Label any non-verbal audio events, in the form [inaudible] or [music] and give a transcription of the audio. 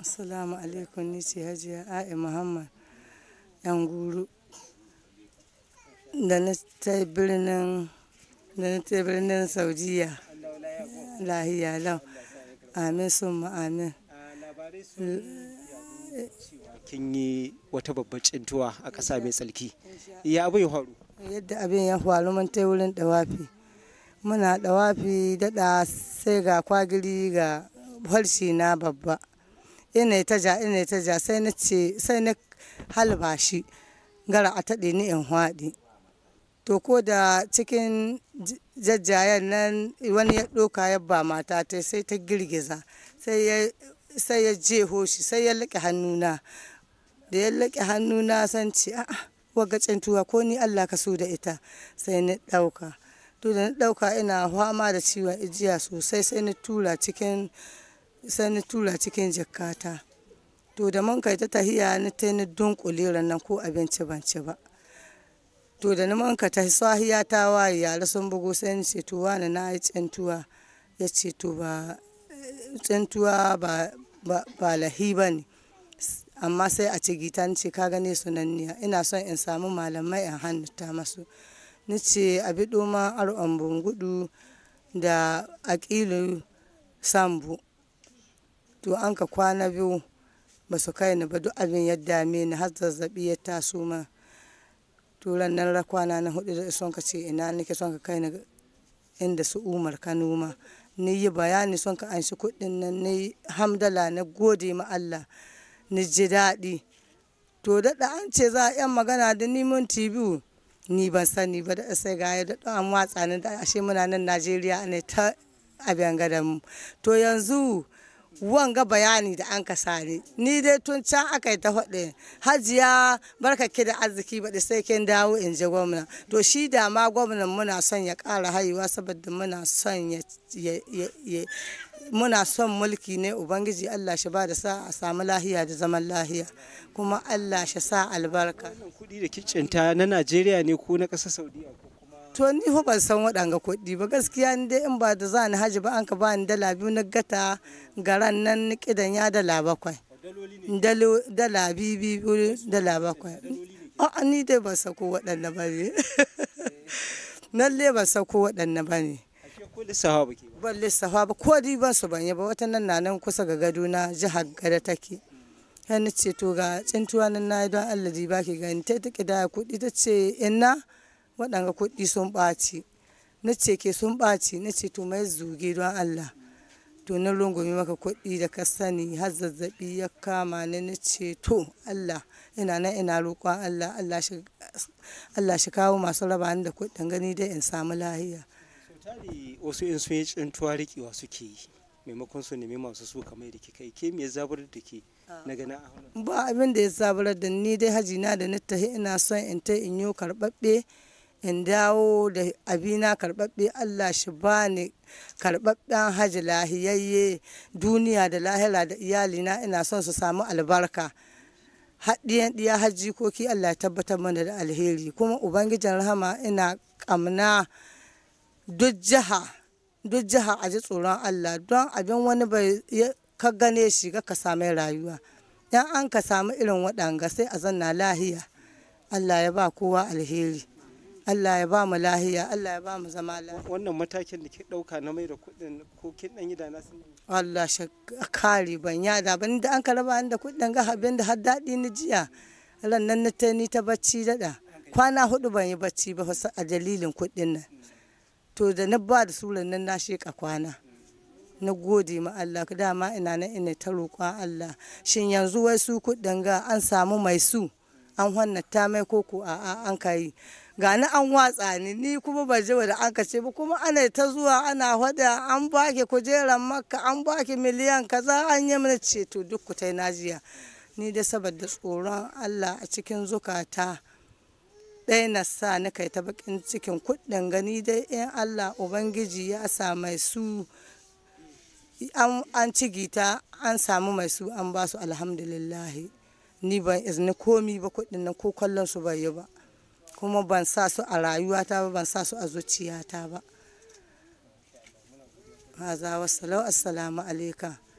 Assalamu alaikum ni ce hajiya A'i ah, eh, Muhammad yan guru da na ta birnin da na lahiya lau amin ah, sun amin kin yi wata babbar cintuwa a ƙasa mai tsarki ya abin ya faru yadda abin ya faru mun ta wurin dawafi muna ɗawafi daɗa sai ga kwagiri ga harshe na babba ina ta ja ina ta ja sai na ce sai na halba gara a taɗe ni in haɗi to ko da cikin jajjayen nan wani ya ɗoka ya ba mata ta sai ta girgiza sai ya je shi sai ya laƙe hannuna da ya laƙe hannuna san ce a'a wagacin tuwa ko ni allah ka so da ita sai na ɗauka duk da ɗauka ina fama da ciwon ijiya sosai sai ni tura cikin sai ni tura cikin jakata to da man kai ta tahiya ni ta ni dunkule nan ko abinci ban ci ba to da ni man ka ta sahiya ta waye yara sun bugo sai ni ce to wani na yi tsintuwa ya ce to ba tsintuwa ba ba lahi ba ne amma sai a ce gita ce ka gane sunan ina son in samu malamai in hannu ta masu ni ce abi ɗoma ar'on gudu da akilu sambu to an ka kwana biyu ba su kai ni ba duk abin ya dame ni har zazzabi ya taso ma turan nan rakwana na hudu da son ka ce ina nake son ka kai ni inda su umar kano ma ni yi bayani son ka an shi kuɗin nan ni hamdala na gode ma Allah ni ji daɗi to daɗa an ce za a yan magana da ni mun tibiu ni ban sani ba da sai ga ya daɗo an watsa ne da ashe muna nan najeriya ne ta abin gadan mu to yanzu wanga bayani da an kasa ni ni dai tun can aka yi ta hudu. hajiya barka ki da arziki ba baɗi sai kin dawo in ji gwamna to shi da ma gwamnan muna son ya kara haihuwa saboda muna son ya muna son mulki ne ubangiji allah shi ba da sa a samu lahiya da zaman lahiya kuma allah shi sa albarka kuɗi da kicinta na najeriya ne ko na ƙasar saudiya to ni ho ban san waɗanga kuɗi ba gaskiya ni dai in ba da za ni haji ba an ka ba ni dala biyu na gata garan nan ni kidan ya dala bakwai dala biyu biyu dala bakwai a ni dai ban sako waɗanda ba ne nan [laughs] dai ban sako waɗanda ba ne ko lissawa ba ke ban lissafa ba ko dai ban su ban yi ba wata nan na nan kusa ga gado na jihar gada take yana ce to ga tsintuwa nan na don Allah di baki gani ta take da kuɗi ta ce ina waɗanga kuɗi sun ɓaci na ce ke sun ɓaci na ce to mai zuge don Allah to na rungume maka kuɗi da ka sani har zazzabi ya kama ni na ce to Allah ina nan ina roƙon Allah Allah shi kawo masu rabani ni da kuɗin gani dai in samu lahiya. wasu in sun yi tuwariki rikewa suke yi maimakon su nemi masu su kamar da ke kai ke me zaburar da ke na gana ba abin da ya zaburar da ni dai haji na da na tahi ina son in ta in yi karɓaɓɓe in dawo da abina karɓaɓɓe Allah shi ba ni karɓaɓɓen haji lahiyayye duniya da lahira da iyalina ina son su samu albarka haɗiyan ɗiya hajji koki Allah ya tabbatar mana da alheri kuma ubangijin rahama ina ƙamna duk jiha duk jiha a ji tsoron Allah don abin wani bai ka gane shi ga ka same rayuwa yan an ka samu irin waɗanga sai a zanna lahiya Allah ya ba kowa alheri Allah ya ba mu lahiya Allah ya ba mu zama lahiya wannan matakin da ke ɗauka na mai da kuɗin ko kin ɗan yi da na Allah shi kare ban ya da ban da an ka raba da kuɗin ga abin da har daɗi ni jiya ran nan na ta ni ta bacci daɗa kwana hudu ban yi bacci ba a dalilin kuɗin nan to da na ba da suran nan na sheƙa kwana na gode ma Allah ka dama ina na ina ta roƙa Allah shin yanzu wai su kuɗin ga an samu mai su an hannata mai koko a an kai ga ni an watsa ni ni kuma ba je da an kace ba kuma ana ta zuwa ana hada an baki kujeran makka an baki miliyan kaza an yi mana to duk ku tai najiya ni da saboda tsoron Allah a cikin zukata ɗaya na sa na kai ta bakin cikin kuɗin gani dai in allah ubangiji ya sa mai su an cigi ta an samu mai su an ba su alhamdulillahi ni ban izini komi ba kuɗin nan ko kallon su bai yi ba kuma ban sa su a rayuwata ba ban sa su a zuciyata ba. Haza wasu assalamu alaikum.